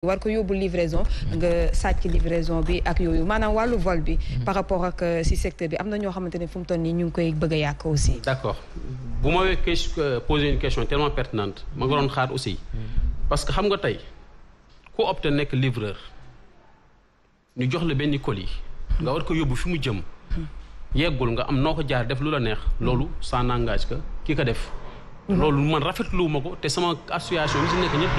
war ko yóbbu livraison nga sàcc livraison bi ak yooyu maanaam wàllu vol bi mhm. par rapport ak euh, si secteur bi am na ñoo xamante ne fu mu nii ñu ngi koy bëgg a yàq aussi d'accord bu ma euh, posé une question tellement pertinente ma nga doon mhm. xaar aussi mhm. parce que xam nga tey ku opte nekk livreur ñu jox la benn colis nga war ko yóbbu fu mu jëm yeggul nga am noo ko jaar def lu la neex loolu ça nangage que ki ko def loolu man rafetlu ma ko te sama association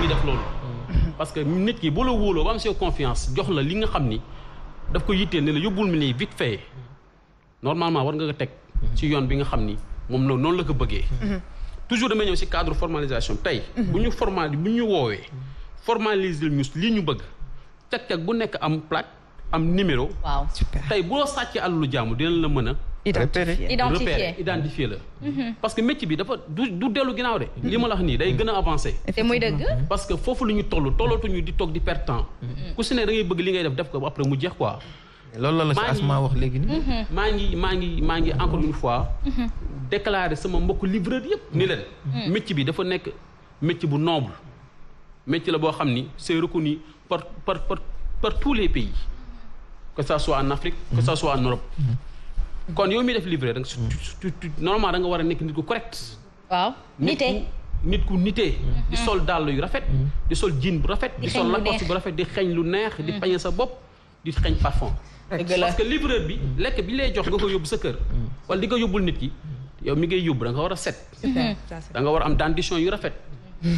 bi parce que nit ki bu la wóoloo ba am see confiance jox la li nga xam ni daf ko yittee ne la yóbbul mi nii vite fait normalement war nga ko teg ci yoon bi nga xam ni moom la noonu la ko bëggee toujours damay ñëw si cadre formalisation tey mhm. bu ñu formal bu ñu woowee formaliser ñu li ñu bëgg teg teg bu nekk am plaque am numéro waaw super tey boo sàccee alalu jàmm dina la mën a identifié repéré identifié la. Mhm. parce que métier bi dafa du du dellu ginnaaw de. li ma la wax nii day gën a avancé. te muy dëgg. parce que foofu la ñu toll tollatuñu di toog di perte temps. Mhm. ku si ne da ngay bëgg li ngay def def ko après mu jeex quoi. loolu la si asma wax léegi nii. Mhm. maa ngi maa ngi maa ngi encore une fois. déclarer sama mbokk livreur yëpp. ni leen métier bi dafa nekk métier bu noble. métier la boo xam ni c'est reconnu par par par par tous les pays que ça soit en Afrique que ça soit en Europe. kon yow mi def livre da nga normalement da nga war a nekk nit ku correct. waaw nite nit ku nitee di mhm. sol dàll yu rafet. Mhm. di sol jiin bu rafet. di sol lacoste bu rafet di xeeñ lu neex. di mhm. pañe sa bopp di xeeñ parfum. parce que livreur bi lekk bi lay jox nga ko yóbbu sa kër. wala di nga yóbbul nit ki yow mi ngay yóbbu da nga war a set. da nga war a am dentition yu rafet.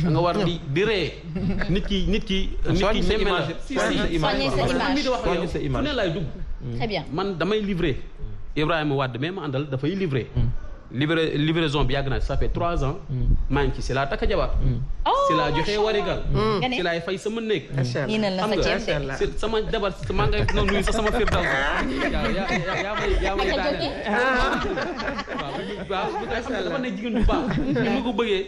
da nga war di di ree. nit ki nit ki. nit ki nemme la soññi sa image soññi sa image. fu ne laay dugg. très bien man damay livrer. Ibrahima Wade même àndal dafay livrer. livra livraison bi yàgg na ça fait trois ans. maa ngi ci si laa takk jabar. si laa joxe warigal. si laay fay sama néeg. am nga sama jabar maa ngay sama firdaw. yaa yaa yaa may yaa may daane. waaw waaw nekk jigéen bu baax. ni ma bëggee.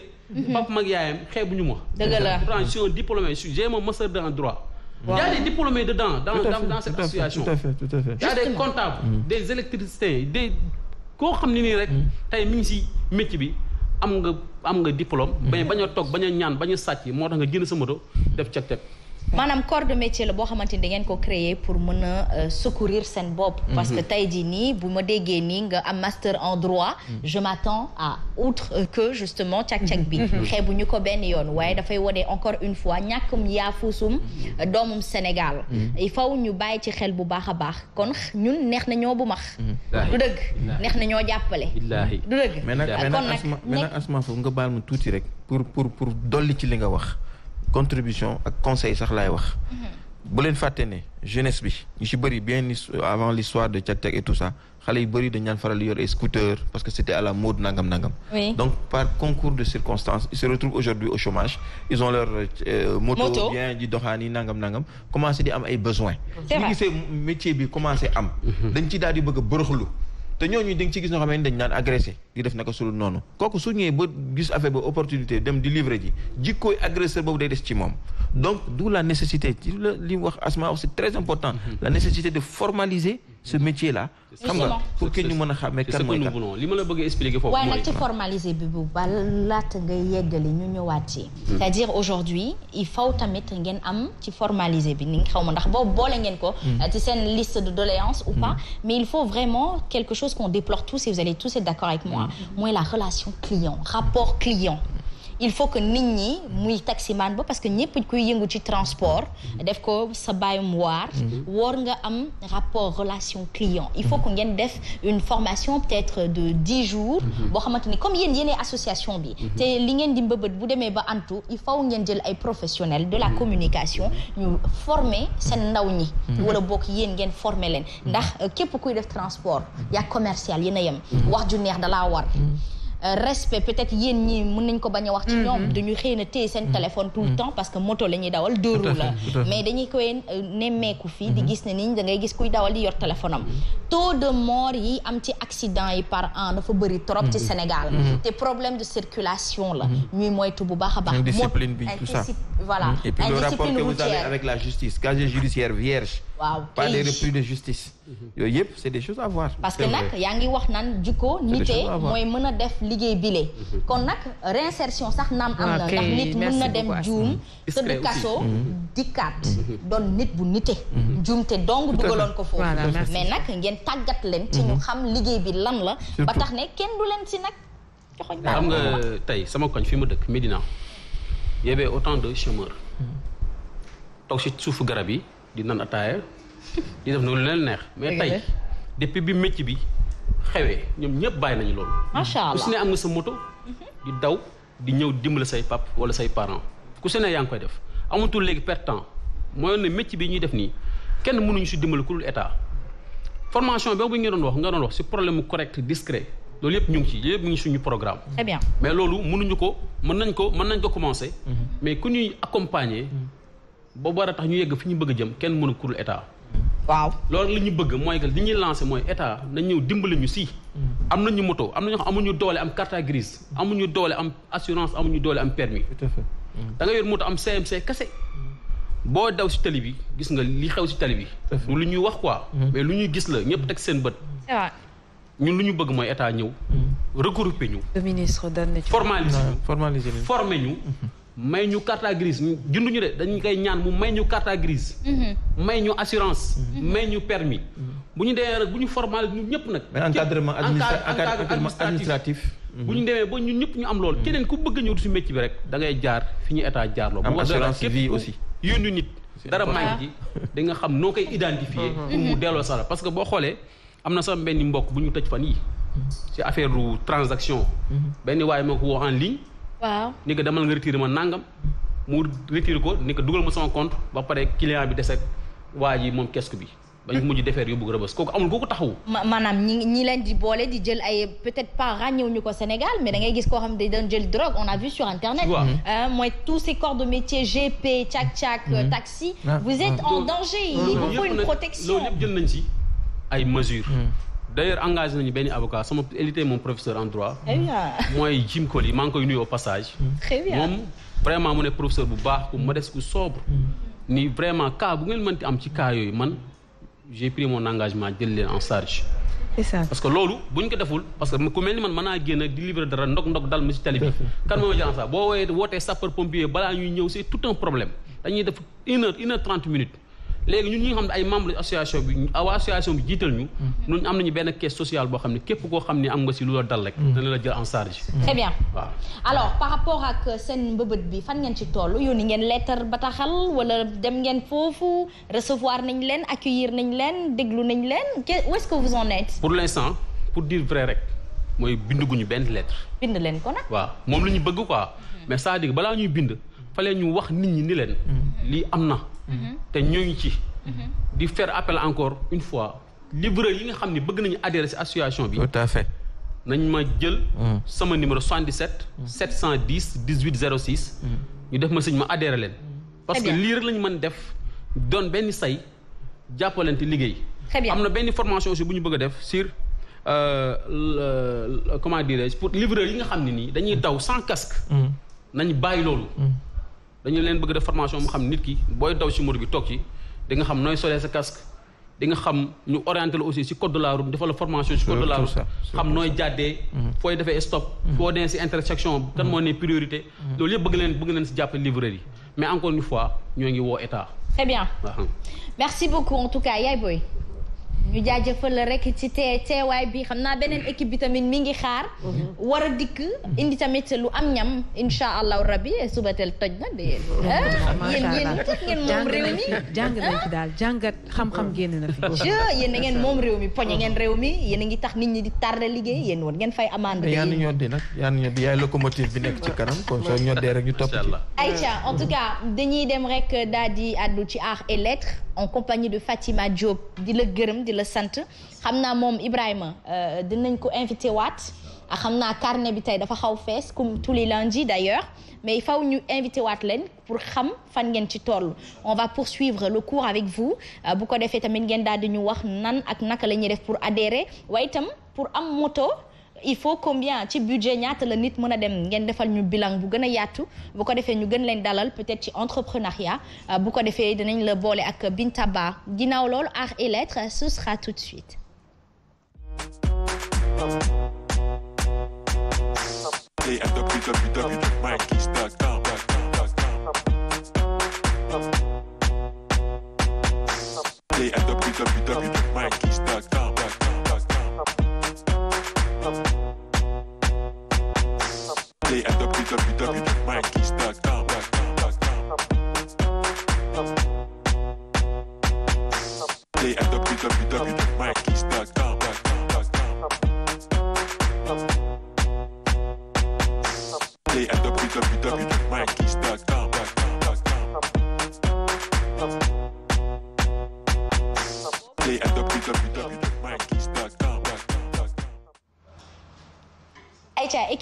papa mag yaayam xeebuñu ma. dëgg la pourtant je suis diplômé je suis j'ai mon en droit. Il y a des diplômés dedans, dans, dans, fait, dans cette tout association. Tout à fait, a des comptables, mmh. des électriciens, des. koo xam ne nii rek. Mm. tey mi ngi si métier bi am nga am nga diplôme. Mm. mais bañ a toog bañ a ñaan bañ a sàcc moo tax nga jënd sa moto def cek cek. maanaam corps métier la boo xamante ni da ko créer pour mën a euh, secourir seen bopp. Mm-hmm. parce que tey jii nii bu ma déggee nii nga am master en droit. Mm-hmm. je m'attends à outre que justement càq-càq bi. Mm-hmm. xeebu ñu ko benn yoon waaye dafay wone encore une fois ñàkkum yaafusum doomum Sénégal. il faw ñu bàyyi ci xel bu baax a baax kon ñun neex na ñoo bu max. du dëgg neex na ñoo jàppale. du dëgg kon nag mais nag asma foofu nga baal mu tuuti rek pour pour pour dolli ci li nga wax. contribution ak conseil sax laay wax. Mhm. bu leen fàtte ne jeunesse bi ñu ci bëri bien avant l'histoire de Tchad Tchad et tout ça xale yu bëri dañ naan faral yor ay scooter parce que c'était à la mode nangam nangam. donc par concours de circonstances ils se retrouvent aujourd'hui au chômage ils ont leur euh, moto, bien di doxaani nangam nangam commencé di am ay besoins. c'est gisee métier bi commencé am. Mhm. dañ ci daal di a bërëxlu te ñooñu di nga ci gis ñoo xam ne dañ naan agressé di def naka sulul noonu kooku su ñëwee ba gis affaire ba opportunité dem di livrer ji jikkooy agresseur boobu day des ci moom donc d'où la nécessité ci la wax Asma wax c'est très important mhm. la nécessité de formaliser ce métier là pour que ñu mën a xàmmee kan mooy kan li ma la bëgg expliquer foofu waaye nag ci formaliser bi bu ba laata nga ñu ñëwaat ci mhm. c'est-à-dire aujourd'hui il faut tamit ngeen am ci formaliser bi ni nga ma ndax boobu boole ngeen ko mhm. euh, ci seen liste de doléances ou pas mais il faut vraiment quelque chose qu'on déplore tous et vous allez tous être d'accord avec moi mooy la relation client rapport client il faut que nit ñi muy taximaan ba parce que ñëpp kuy yëngu ci transport def ko sa bàyyum waar mhm. war nga am rapport relation client il faut que ngeen def une formation peut-être de dix jours mhm. boo xamante ni comme yéen yéenee association bi mhm. te li ngeen di mbëbët bu demee ba antu il faut ngeen jël ay professionnels de la communication ñu former seen ndaw ñi wala bokk yéen ngeen former leen ndax képp kuy def transport yaa commercial yéen a yem wax ju neex dalaa war Euh, respect peut-être yéen ñi mun nañ ko bañ a wax ci mm-hmm. ñoom dañuy xëy na téye seen mm-hmm. téléphone tout le mm-hmm. temps parce que moto lañuy ñuy dawal deux la mais dañuy koy euh, nemmeeku fii di gis ne niñ da ngay gis kuy dawal di yor téléphone am taux de mort yi am ci accident yi par an dafa bëri trop ci Sénégal te problème de circulation la ñuy moytu bu baax a baax indiscipline bi tout ça voilà et puis le rapport la justice casier judiciaire vierge waaw pas des repris de justice Mm-hmm. yooyu yëpp c' est des choses parce que nag yaa ngi wax naan jukko nitee mooy mën a def liggéey bile. Mm-hmm. kon nag réinsertion sax naam am na ndax nit mën na dem juum tëdd kaso mm-hmm. dikkaat doon nit bu nite juum te dong dugaloon ko foofu mais nag ngeen tàggat leen ci ñu xam liggéey bi lan la ba tax ne kenn du leen si nag sama koñ fi ma dëkk Médina toog si suufu garab yi di naan ataaya di def noonu leen neex. mais tey depuis bi métier bi xewee ñoom ñëpp bàyyi nañu loolu. macha allah ku si ne am nga sa moto. di daw di ñëw dimbali say pap wala say parents ku si ne yaa ngi koy def amatul léegi perte temps mooy ne métier bi ñuy def nii kenn mënuñu si dimbali ku dul état formation boobu nga doon wax nga doon wax si problème mu correct discret loolu yëpp ñu ngi ci yëpp ñu ngi suñu programme. très bien mais loolu mënuñu ko mën nañ ko mën nañ ko mhm. a tax ñu yegg fi a jëm kenn mënu waaw loolu la ñu bëgg mooy que li ñuy lancé mooy état nañ ñëw dimbali ñu si. Hmm. am na ñu moto am nañu xam amuñu doole am carte grise hmm. amuñu doole am assurance amuñu doole am permis tout à fait hmm. da moto am CMC kese. boo daw si tali bi gis nga li xew si tali bi. du lu ñuy wax quoi. mais lu ñuy gis la ñëpp teg seen bët. ñun lu ñu bëgg mooy état ñëw. regrouper ñu. le ministre daan ñu. may ñu carte grise ñu junduñu de dañu koy ñaan mu may ñu carte grise. Mhm. may ñu assurance. Mhm. may ñu permis mhm. bu ñu demee nag bu ñu formal ñu ñëpp nag. mais encadrement administratif bu ñu demee ba ñun ñëpp ñu am loolu. keneen ku bëgg ñëw si métier bi rek dangay jaar fi ñu état jaar loolu. am assurance vie aussi yónni nit. dara manqué di nga xam noo koy identifier. pour mu delloo sala parce que boo xoolee am na sax benn mbokk bu ñu tëj fan yi ci affaire transaction. benn waaye moo ko waaw ni ko demal nga retiré ma nangam mu retiré ko ni ko dugal ma sama compte ba pare client bi des ak waa ji moom kesku bi. ba ñu mujj defeer yóbbu rëbës kooku amul kooku taxawu. maanaam ñi ñi leen di boolee di jël ay peut-être pas ràññewu ñu ko Sénégal mais da ngay gis koo xam ne dañu jël drogue on a vu sur internet. Euh, mooy tous ces corps de métier GP càq càq. taxi ah, vous êtes ah. en danger. il vous faut une protection loolu jël nañ si ay mesures. Mm. d'ailleurs engagé nañu benn avocat sama élité moom professeur en droit. Eh mooy Jim Colli maa ngi koy nuyu au mm. moom vraiment mu ne professeur bu baax ku modeste ku sobre. Mm. ni vraiment cas bu ngeen mënti am ci cas yooyu man j'ai pris mon engagement jël leen en charge. parce que loolu bu ñu ko deful parce que ku mel ni man mën naa génn di livrer dara ndog-ndog dal ma ci tali bi. kan moo ma jël en boo woowee wootee sapeur pompier balaa ñuy ñëw c'est tout un problème dañuy def une léegi ñun ñi nga xam ne ay membre association bi waa association bi jiital ñu mm. ñun am nañu benn caisse sociale boo xam ne képp koo xam ne am nga si lu la dal rek mm. dana la jël en charge mm. très bien waaw alors par rapport ak seen mbëbët bi fan ngeen ci toll yónni ngeen lettre bataaxal wala dem ngeen foofu recevoir nañ leen accueillir nañ leen déglu nañ leen où est-ce que vous en êtes pour l'instant pour dire vrai rek mooy bind binduguñu benn lettre bind leen ko nag waaw moom la ñu bëgg quoi mm-hmm. mais cest balaa ñuy bind fallait ñu wax nit ñi ni leen. Mm-hmm. lii am na. Mm-hmm. te ñoo ngi ci. Mm-hmm. di faire appel encore une fois livreur yi nga xam ne bëgg nañu adhérer ci association bi. tout à fait nañ ma jël. Mm. sama numéro 77. 710 18 06. ñu def ma sëñ ma adhéré leen. Mm. parce que lii rek lañu mën def doon benn say jàppalante liggéey. am na benn formation aussi bu ñu bëgg a def sur euh, comment dirais-je pour livreur yi nga xam ne nii dañuy mm. daw sans casque. nañu bàyyi loolu. dañu leen bëgg def formation mu xam nit ki booy daw si moto bi toog ci di xam nooy solee sa casque di xam ñu orienté la aussi si code de la route defal la formation si code de la route xam nooy jàddee mm-hmm. fooy defee stop mm-hmm. foo dee si intersection kan moo ne priorité mm-hmm. loolu yëpp bëgg leen bëgg leen si jàppale livreur yi mais encore une fois ñoo ngi woo état très bien merci beaucoup en tout cas ñu jaajëfal la rek ci tee teewaay bi xam naa beneen équipe bi tamit mi ngi xaar. Mhm. war dikk indi tamit lu am ñam incha allahu rabbi suba teel toj na de. Ah, yéen yéen tax ngeen moom réew mi jàng nañ jàngat xam-xam oh. génn na fi. yéen a ngeen moom réew mi poñe ngeen réew mi yéen ngi tax nit ñi di tardé liggéey yéen war ngeen fay amande. yaa ngi ñoddi nag yaa ngi ñoddi yaay locomotive bi nekk ci kanam kon soo ñoddee rek ñu topp ci. Aïcha en tout cas dañuy dem rek daal di àddu ci art et en compagnie de Fatima Diop di la gërëm di la sant xam naa moom Ibrahima euh, dinañ ko invité waat ah, xam naa carnet bi tey dafa xaw fees comme tous les lundis d'ailleurs mais faw ñu invité waat leen pour xam fan ngeen ci toll on va poursuivre le cours avec vous euh, bu ko defee tamit ngeen daal di ñu wax nan ak naka la ñuy def pour adhérer waaye pour am moto il faut combien ci budget ñaata la nit mën a dem ngeen defal ñu bilan bu gën a yaatu bu ko defee ñu gën leen dalal peut-être ci entrepreneuriat bu ko defee dinañ la boole ak Binta baax ginnaaw loolu art et lettres ce sera tout de suite.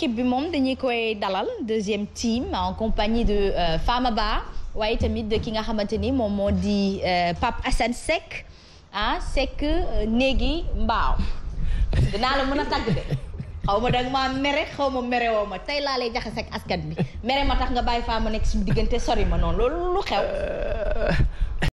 équipe bi moom dañuy koy dalal deuxième team en compagnie de euh, Fama Ba waaye tamit ki nga xamante ni moom moo di euh, Pape Assane Seck ah Seck euh, néegi mbaaw dinaa la mën a tàgg de xaw ma danga maa mere xaw ma ma tey laa lay jaxase ak askan bi mere ma tax nga bàyyi Fama nekk suñu diggante sori ma noonu loolu lu xew